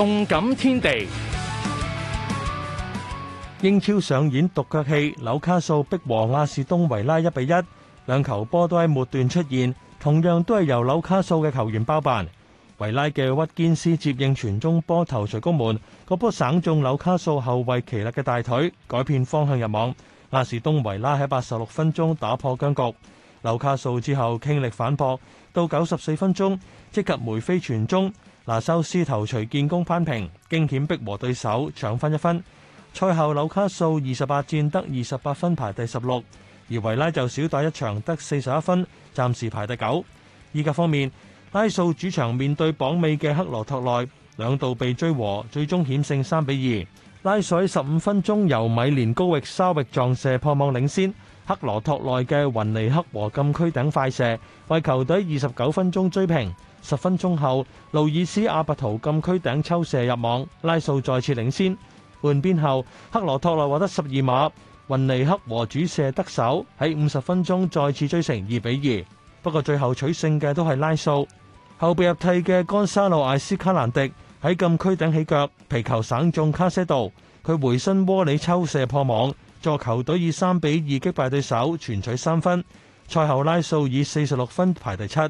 動感天地，英超上演獨腳戲，紐卡素逼和阿士東維拉一比一，兩球波都喺末段出現，同樣都係由紐卡素嘅球員包辦。維拉嘅屈堅斯接應傳中波頭錘攻門，個波省中紐卡素後衛奇力嘅大腿，改變方向入網。阿士東維拉喺八十六分鐘打破僵局，紐卡素之後傾力反撲，到九十四分鐘即刻梅飛傳中。拿修斯頭槌建功扳平，驚險逼和對手，搶分一分。賽後紐卡素二十八戰得二十八分排第十六，而維拉就少打一場得四十一分，暫時排第九。意甲方面，拉素主場面對榜尾嘅克羅托內，兩度被追和，最終險勝三比二。拉素喺十五分鐘由米連高域沙域撞射破網領先，克羅托內嘅雲尼克和禁區頂快射為球隊二十九分鐘追平。十分鐘後，路易斯阿伯圖禁區頂抽射入網，拉素再次領先。換邊後，克羅托內獲得十二碼，雲尼克和主射得手，喺五十分鐘再次追成二比二。不過最後取勝嘅都係拉素。後備入替嘅甘沙路艾斯卡蘭迪喺禁區頂起腳，皮球省中卡西度，佢回身窩裏抽射破網，助球隊以三比二擊敗對手，全取三分。賽後拉素以四十六分排第七。